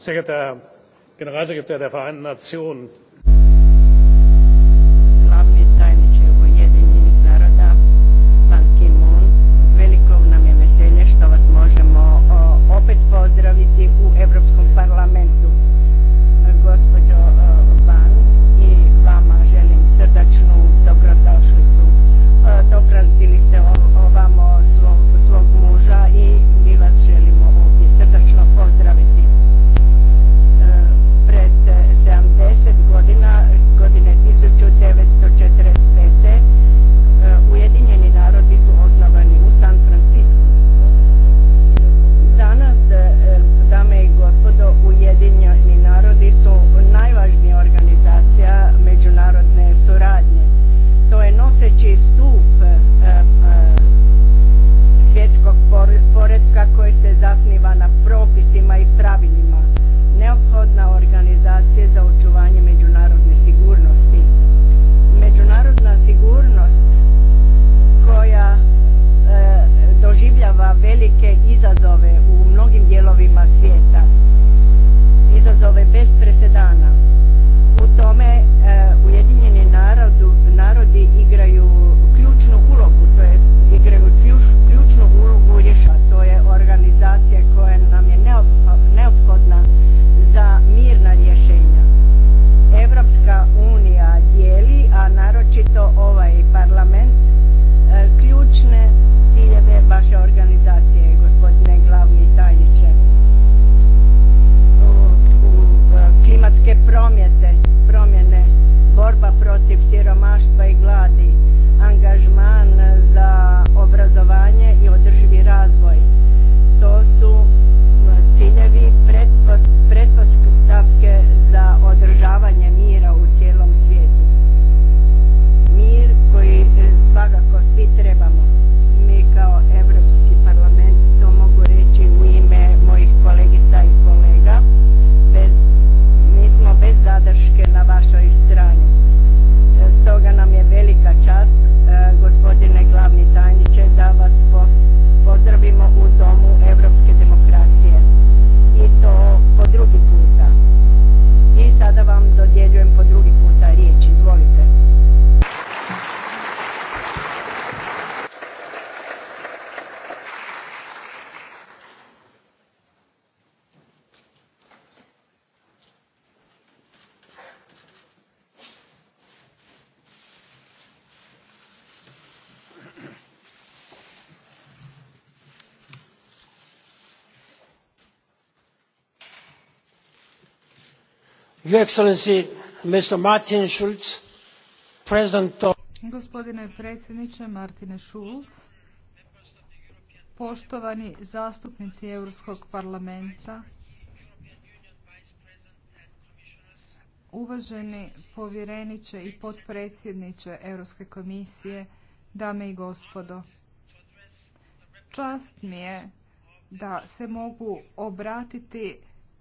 sehr geehrter herr generalsekretär der vereinten nationen! Gospodine predsjedniče Martine Schulz, poštovani zastupnici Europskog parlamenta, uvaženi povjereniče i potpredsjedniče Europske komisije, dame i gospodo. Čast mi je da se mogu obratiti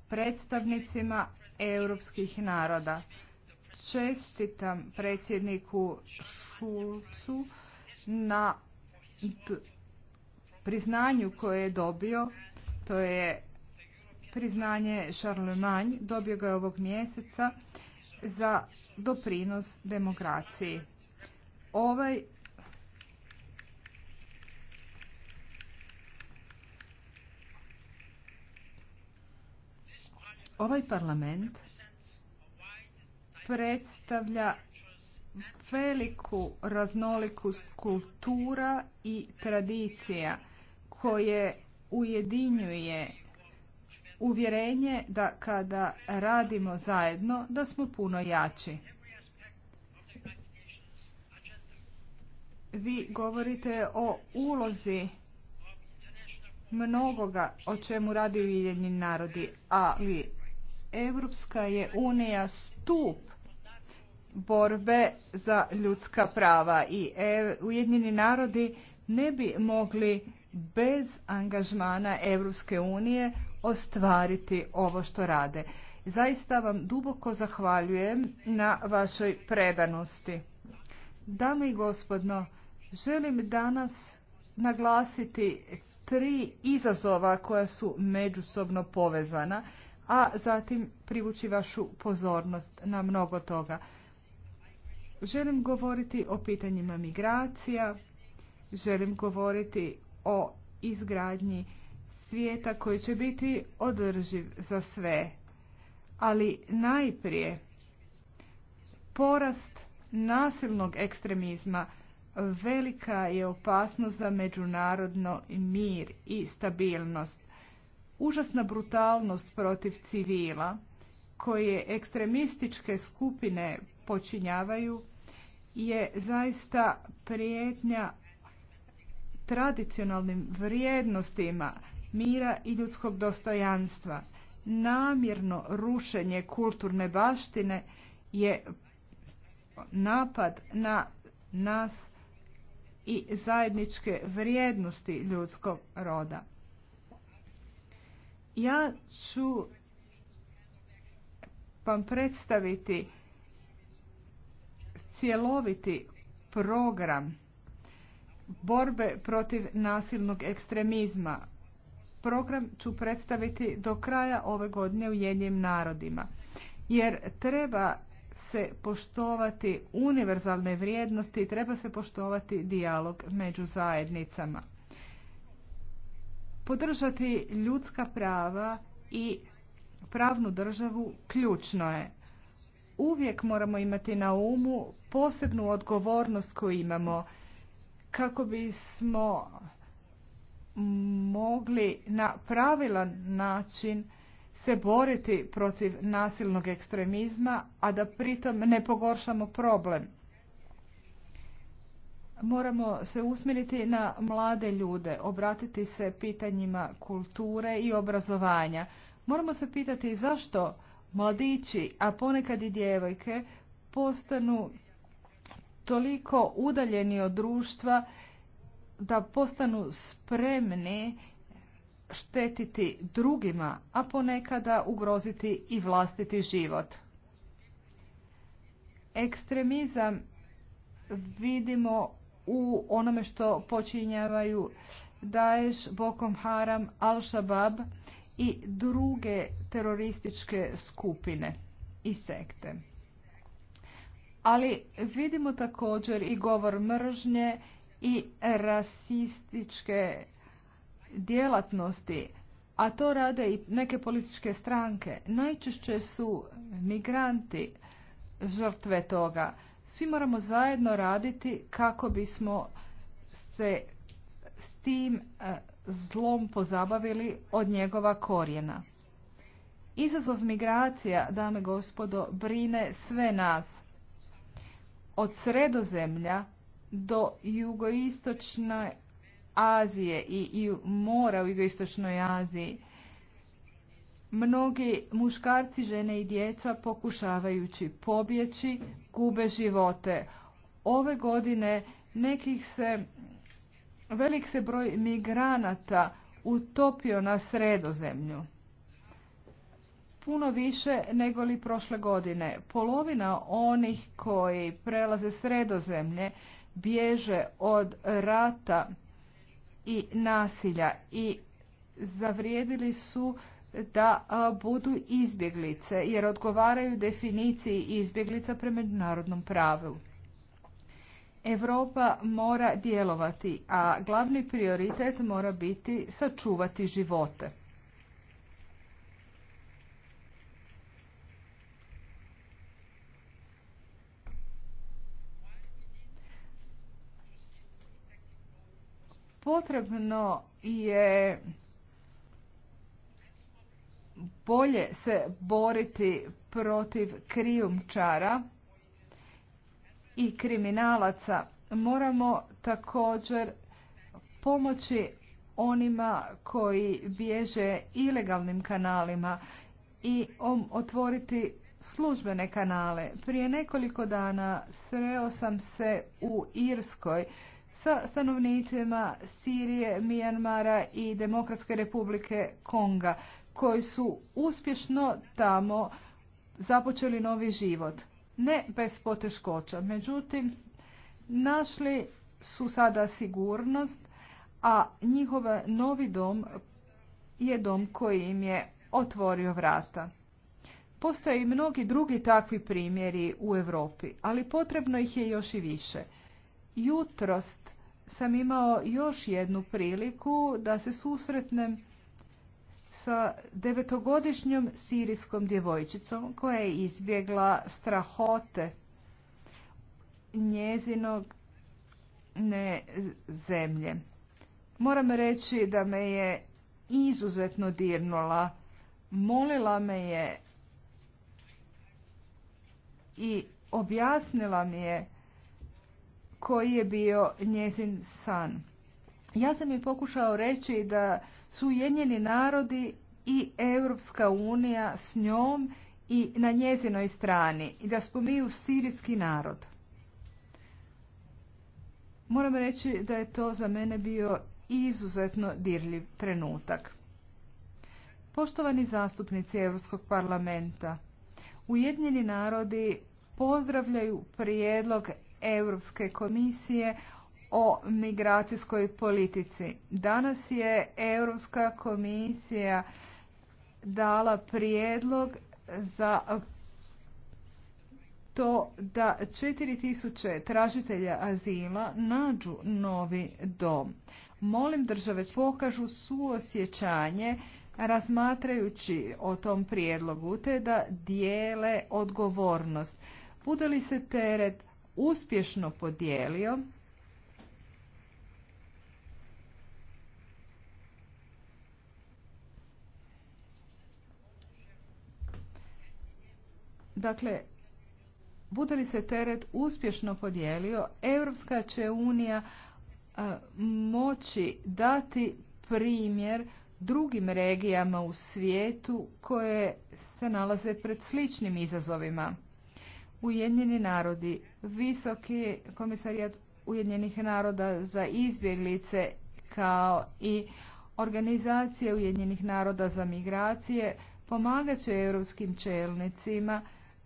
predstavnicima europskih naroda. Čestitam predsjedniku Šulcu na priznanju koje je dobio, to je priznanje Charlemagne, dobio ga je ovog mjeseca za doprinos demokraciji. Ovaj Ovaj parlament predstavlja veliku raznolikost kultura i tradicija koje ujedinjuje uvjerenje da kada radimo zajedno da smo puno jači. Vi govorite o ulozi mnogoga o čemu radi Ujedinjeni narodi, ali Europska je unija stup borbe za ljudska prava i e, Ujedinjeni narodi ne bi mogli bez angažmana Europske unije ostvariti ovo što rade. Zaista vam duboko zahvaljujem na vašoj predanosti. Dame i gospodno, želim danas naglasiti tri izazova koja su međusobno povezana a zatim privući vašu pozornost na mnogo toga. Želim govoriti o pitanjima migracija, želim govoriti o izgradnji svijeta koji će biti održiv za sve. Ali najprije porast nasilnog ekstremizma velika je opasnost za međunarodno mir i stabilnost užasna brutalnost protiv civila koje ekstremističke skupine počinjavaju je zaista prijetnja tradicionalnim vrijednostima mira i ljudskog dostojanstva. Namjerno rušenje kulturne baštine je napad na nas i zajedničke vrijednosti ljudskog roda. Ja ću vam predstaviti cjeloviti program borbe protiv nasilnog ekstremizma. Program ću predstaviti do kraja ove godine u jednim narodima, jer treba se poštovati univerzalne vrijednosti i treba se poštovati dijalog među zajednicama. Podržati ljudska prava i pravnu državu ključno je. Uvijek moramo imati na umu posebnu odgovornost koju imamo kako bismo mogli na pravilan način se boriti protiv nasilnog ekstremizma, a da pritom ne pogoršamo problem. Moramo se usmjeriti na mlade ljude, obratiti se pitanjima kulture i obrazovanja. Moramo se pitati zašto mladići, a ponekad i djevojke, postanu toliko udaljeni od društva da postanu spremni štetiti drugima, a ponekada ugroziti i vlastiti život. Ekstremizam vidimo u onome što počinjavaju Daesh, Bokom Haram, Al-Shabaab i druge terorističke skupine i sekte. Ali vidimo također i govor mržnje i rasističke djelatnosti, a to rade i neke političke stranke. Najčešće su migranti žrtve toga. Svi moramo zajedno raditi kako bismo se s tim e, zlom pozabavili od njegova korijena. Izazov migracija, dame gospodo, brine sve nas. Od sredozemlja do jugoistočne Azije i, i mora u jugoistočnoj Aziji Mnogi muškarci, žene i djeca pokušavajući pobjeći gube živote. Ove godine nekih se, velik se broj migranata utopio na sredozemlju. Puno više nego li prošle godine. Polovina onih koji prelaze sredozemlje bježe od rata i nasilja i zavrijedili su da budu izbjeglice jer odgovaraju definiciji izbjeglica pre međunarodnom pravu. Europa mora djelovati, a glavni prioritet mora biti sačuvati živote. Potrebno je bolje se boriti protiv krijumčara i kriminalaca, moramo također pomoći onima koji bježe ilegalnim kanalima i otvoriti službene kanale. Prije nekoliko dana sreo sam se u Irskoj sa stanovnicima Sirije, Mijanmara i Demokratske republike Konga koji su uspješno tamo započeli novi život. Ne bez poteškoća, međutim, našli su sada sigurnost, a njihov novi dom je dom koji im je otvorio vrata. Postoje i mnogi drugi takvi primjeri u Europi, ali potrebno ih je još i više. Jutrost sam imao još jednu priliku da se susretnem sa devetogodišnjom sirijskom djevojčicom koja je izbjegla strahote njezinog ne zemlje. Moram reći da me je izuzetno dirnula. Molila me je i objasnila mi je koji je bio njezin san. Ja sam je pokušao reći da su Ujedinjeni narodi i Europska unija s njom i na njezinoj strani i da spomiju sirijski narod. Moram reći da je to za mene bio izuzetno dirljiv trenutak. Poštovani zastupnici Europskog parlamenta, Ujedinjeni narodi pozdravljaju prijedlog Europske komisije o migracijskoj politici. Danas je Europska komisija dala prijedlog za to da 4000 tražitelja azila nađu novi dom. Molim države pokažu suosjećanje razmatrajući o tom prijedlogu te da dijele odgovornost. Bude li se teret uspješno podijelio, Dakle, bude li se teret uspješno podijelio, Europska će unija e, moći dati primjer drugim regijama u svijetu koje se nalaze pred sličnim izazovima. Ujedinjeni narodi, visoki komisarijat Ujedinjenih naroda za izbjeglice kao i organizacije Ujedinjenih naroda za migracije pomagat će europskim čelnicima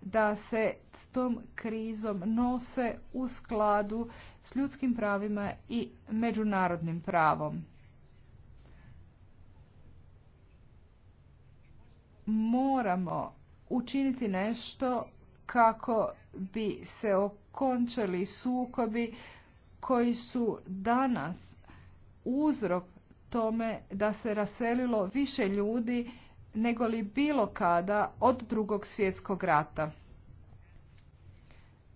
da se s tom krizom nose u skladu s ljudskim pravima i međunarodnim pravom. Moramo učiniti nešto kako bi se okončali sukobi koji su danas uzrok tome da se raselilo više ljudi nego li bilo kada od drugog svjetskog rata.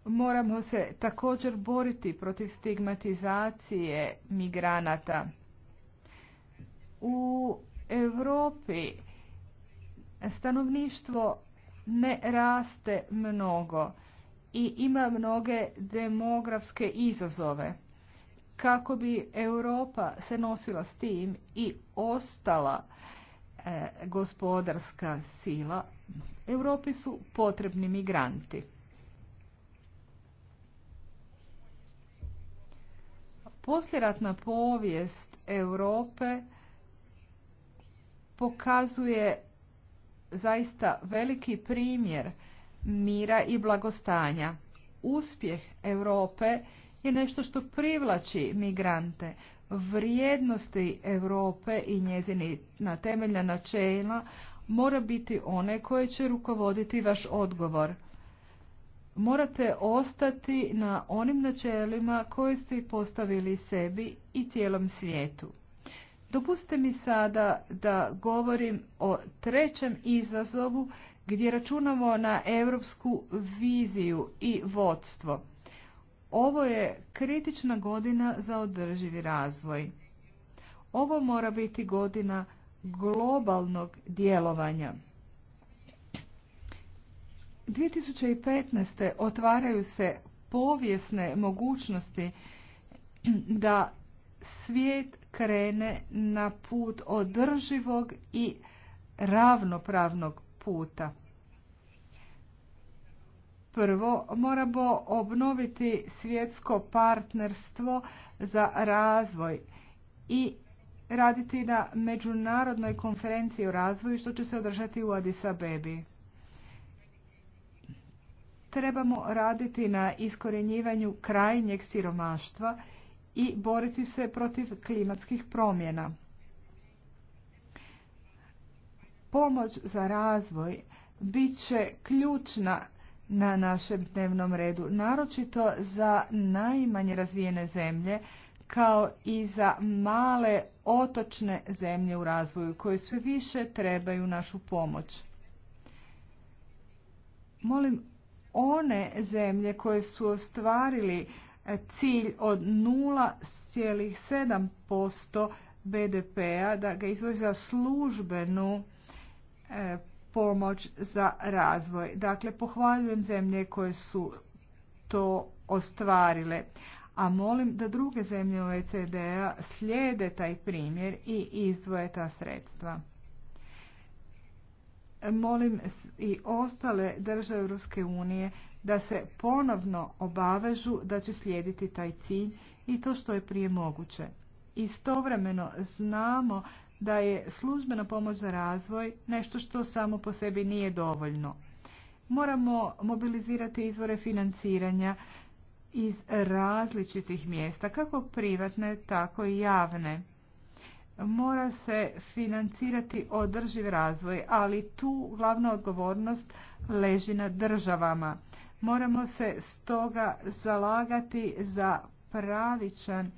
Moramo se također boriti protiv stigmatizacije migranata. U Europi stanovništvo ne raste mnogo i ima mnoge demografske izazove. Kako bi Europa se nosila s tim i ostala E, gospodarska sila, Europi su potrebni migranti. Posljeratna povijest Europe pokazuje zaista veliki primjer mira i blagostanja. Uspjeh Europe je nešto što privlači migrante vrijednosti Europe i njezini na temeljna načela mora biti one koje će rukovoditi vaš odgovor. Morate ostati na onim načelima koje ste postavili sebi i cijelom svijetu. Dopustite mi sada da govorim o trećem izazovu gdje računamo na europsku viziju i vodstvo. Ovo je kritična godina za održivi razvoj. Ovo mora biti godina globalnog djelovanja. 2015. otvaraju se povijesne mogućnosti da svijet krene na put održivog i ravnopravnog puta. Prvo, moramo obnoviti svjetsko partnerstvo za razvoj i raditi na međunarodnoj konferenciji o razvoju što će se održati u Addis Abebi. Trebamo raditi na iskorjenjivanju krajnjeg siromaštva i boriti se protiv klimatskih promjena. Pomoć za razvoj bit će ključna na našem dnevnom redu, naročito za najmanje razvijene zemlje kao i za male otočne zemlje u razvoju koje sve više trebaju našu pomoć. Molim one zemlje koje su ostvarili e, cilj od 0,7% BDP-a da ga izvoji za službenu e, pomoć za razvoj. Dakle, pohvaljujem zemlje koje su to ostvarile, a molim da druge zemlje OECD-a slijede taj primjer i izdvoje ta sredstva. Molim i ostale države Ruske unije da se ponovno obavežu da će slijediti taj cilj i to što je prije moguće. Istovremeno znamo da je službena pomoć za razvoj nešto što samo po sebi nije dovoljno. Moramo mobilizirati izvore financiranja iz različitih mjesta, kako privatne, tako i javne. Mora se financirati održiv razvoj, ali tu glavna odgovornost leži na državama. Moramo se stoga zalagati za pravičan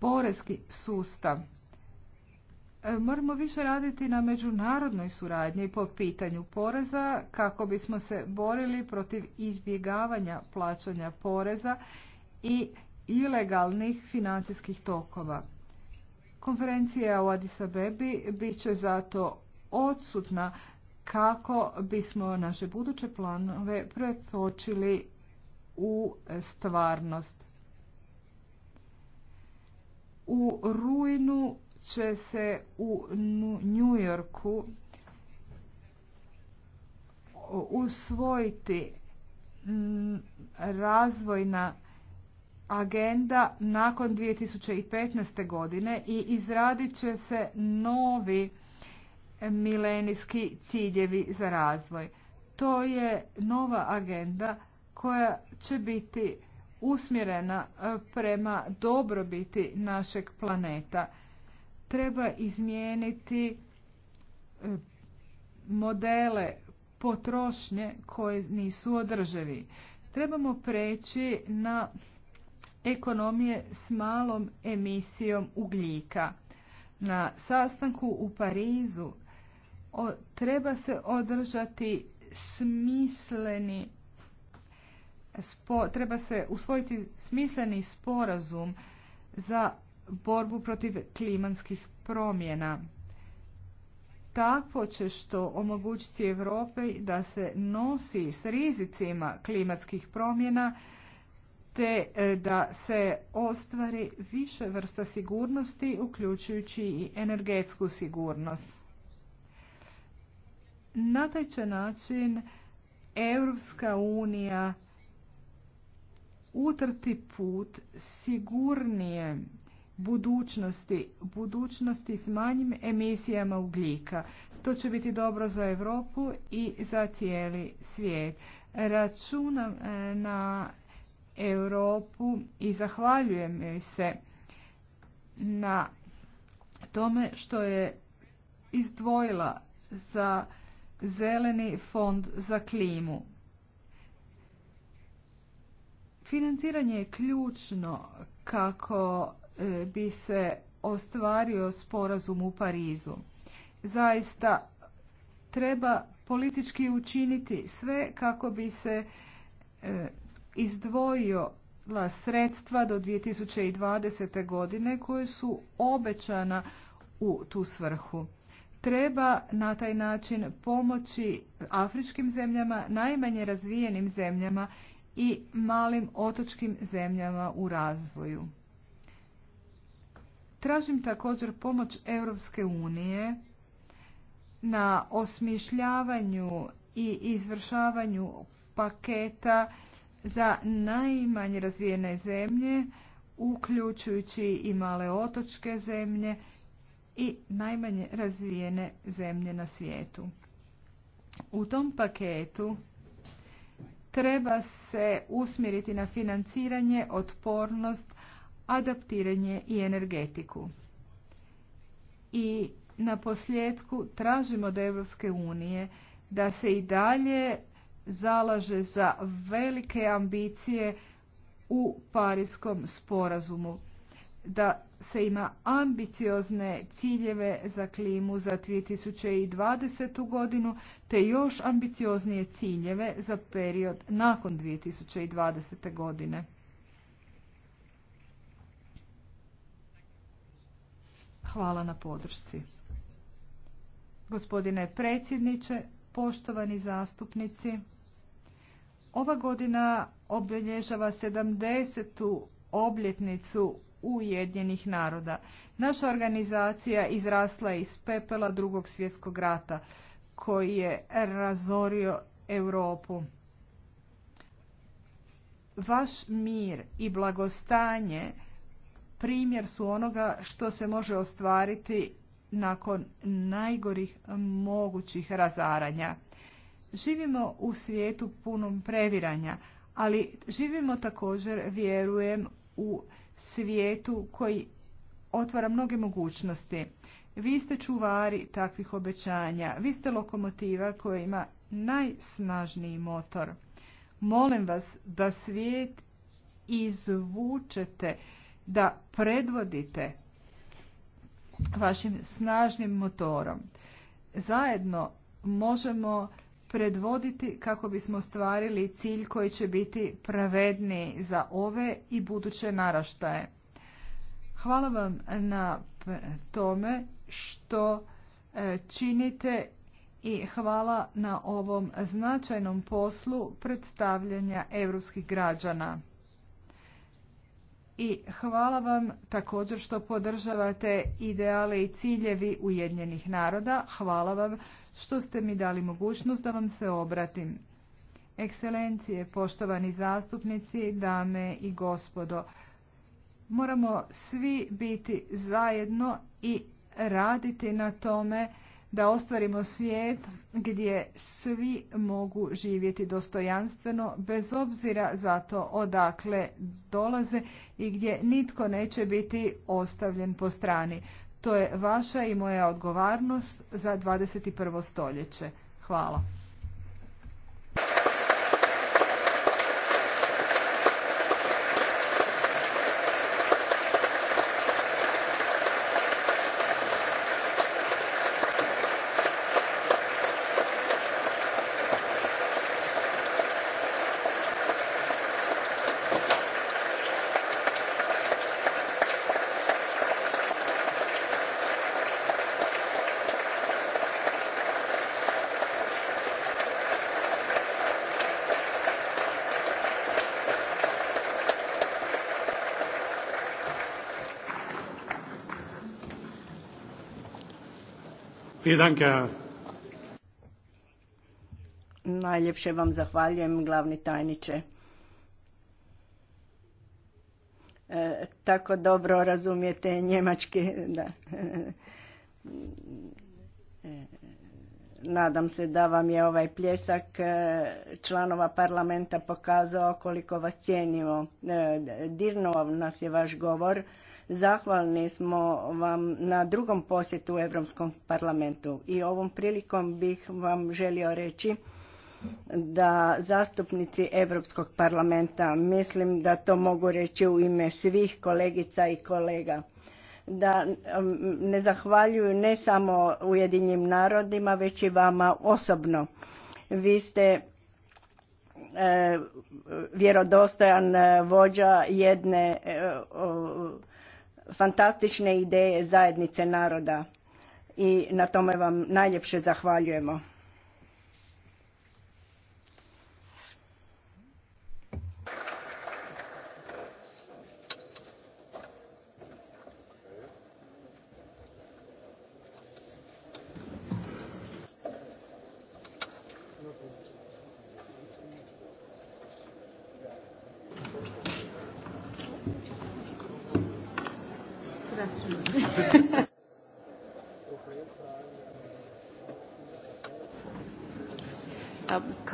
porezki sustav. E, moramo više raditi na međunarodnoj suradnji po pitanju poreza kako bismo se borili protiv izbjegavanja plaćanja poreza i ilegalnih financijskih tokova. Konferencija u Addis Abebi bit će zato odsutna kako bismo naše buduće planove pretočili u stvarnost. U rujnu će se u New Yorku usvojiti mm, razvojna agenda nakon 2015. godine i izradit će se novi milenijski ciljevi za razvoj. To je nova agenda koja će biti usmjerena e, prema dobrobiti našeg planeta treba izmijeniti e, modele potrošnje koje nisu održivi. Trebamo preći na ekonomije s malom emisijom ugljika. Na sastanku u Parizu treba se održati smisleni treba se usvojiti smisleni sporazum za borbu protiv klimatskih promjena. Takvo će što omogućiti Europi da se nosi s rizicima klimatskih promjena te e, da se ostvari više vrsta sigurnosti, uključujući i energetsku sigurnost. Na taj će način Europska unija utrti put sigurnije budućnosti, budućnosti s manjim emisijama ugljika. To će biti dobro za Europu i za cijeli svijet. Računam e, na Europu i zahvaljujem joj se na tome što je izdvojila za zeleni fond za klimu. Financiranje je ključno kako E, bi se ostvario sporazum u Parizu. Zaista treba politički učiniti sve kako bi se e, izdvojila sredstva do 2020. godine koje su obećana u tu svrhu. Treba na taj način pomoći afričkim zemljama, najmanje razvijenim zemljama i malim otočkim zemljama u razvoju. Tražim također pomoć Europske unije na osmišljavanju i izvršavanju paketa za najmanje razvijene zemlje, uključujući i male otočke zemlje i najmanje razvijene zemlje na svijetu. U tom paketu treba se usmjeriti na financiranje, otpornost adaptiranje i energetiku. I na posljedku tražimo od Europske unije da se i dalje zalaže za velike ambicije u Parijskom sporazumu, da se ima ambiciozne ciljeve za klimu za 2020. godinu, te još ambicioznije ciljeve za period nakon 2020. godine. Hvala na podršci. Gospodine predsjedniče, poštovani zastupnici, ova godina obilježava 70. obljetnicu Ujedinjenih naroda. Naša organizacija izrasla je iz pepela drugog svjetskog rata koji je razorio Europu. Vaš mir i blagostanje primjer su onoga što se može ostvariti nakon najgorih mogućih razaranja. Živimo u svijetu punom previranja, ali živimo također, vjerujem, u svijetu koji otvara mnoge mogućnosti. Vi ste čuvari takvih obećanja, vi ste lokomotiva koja ima najsnažniji motor. Molim vas da svijet izvučete da predvodite vašim snažnim motorom. Zajedno možemo predvoditi kako bismo stvarili cilj koji će biti pravedniji za ove i buduće naraštaje. Hvala vam na tome što e, činite i hvala na ovom značajnom poslu predstavljanja europskih građana i hvala vam također što podržavate ideale i ciljevi Ujedinjenih naroda. Hvala vam što ste mi dali mogućnost da vam se obratim. Ekscelencije, poštovani zastupnici, dame i gospodo, moramo svi biti zajedno i raditi na tome da ostvarimo svijet gdje svi mogu živjeti dostojanstveno bez obzira za to odakle dolaze i gdje nitko neće biti ostavljen po strani. To je vaša i moja odgovarnost za 21. stoljeće. Hvala. Najljepše vam zahvaljujem, glavni tajniče. E, tako dobro razumijete njemački. Da. E, nadam se da vam je ovaj pljesak e, članova parlamenta pokazao koliko vas cijenimo. E, dirnuo nas je vaš govor. Zahvalni smo vam na drugom posjetu u Europskom parlamentu i ovom prilikom bih vam želio reći da zastupnici Europskog parlamenta, mislim da to mogu reći u ime svih kolegica i kolega, da um, ne zahvaljuju ne samo Ujedinjim narodima, već i vama osobno. Vi ste e, vjerodostojan vođa jedne e, fantastične ideje zajednice naroda i na tome vam najljepše zahvaljujemo.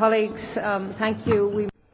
colleagues, um, thank you. We...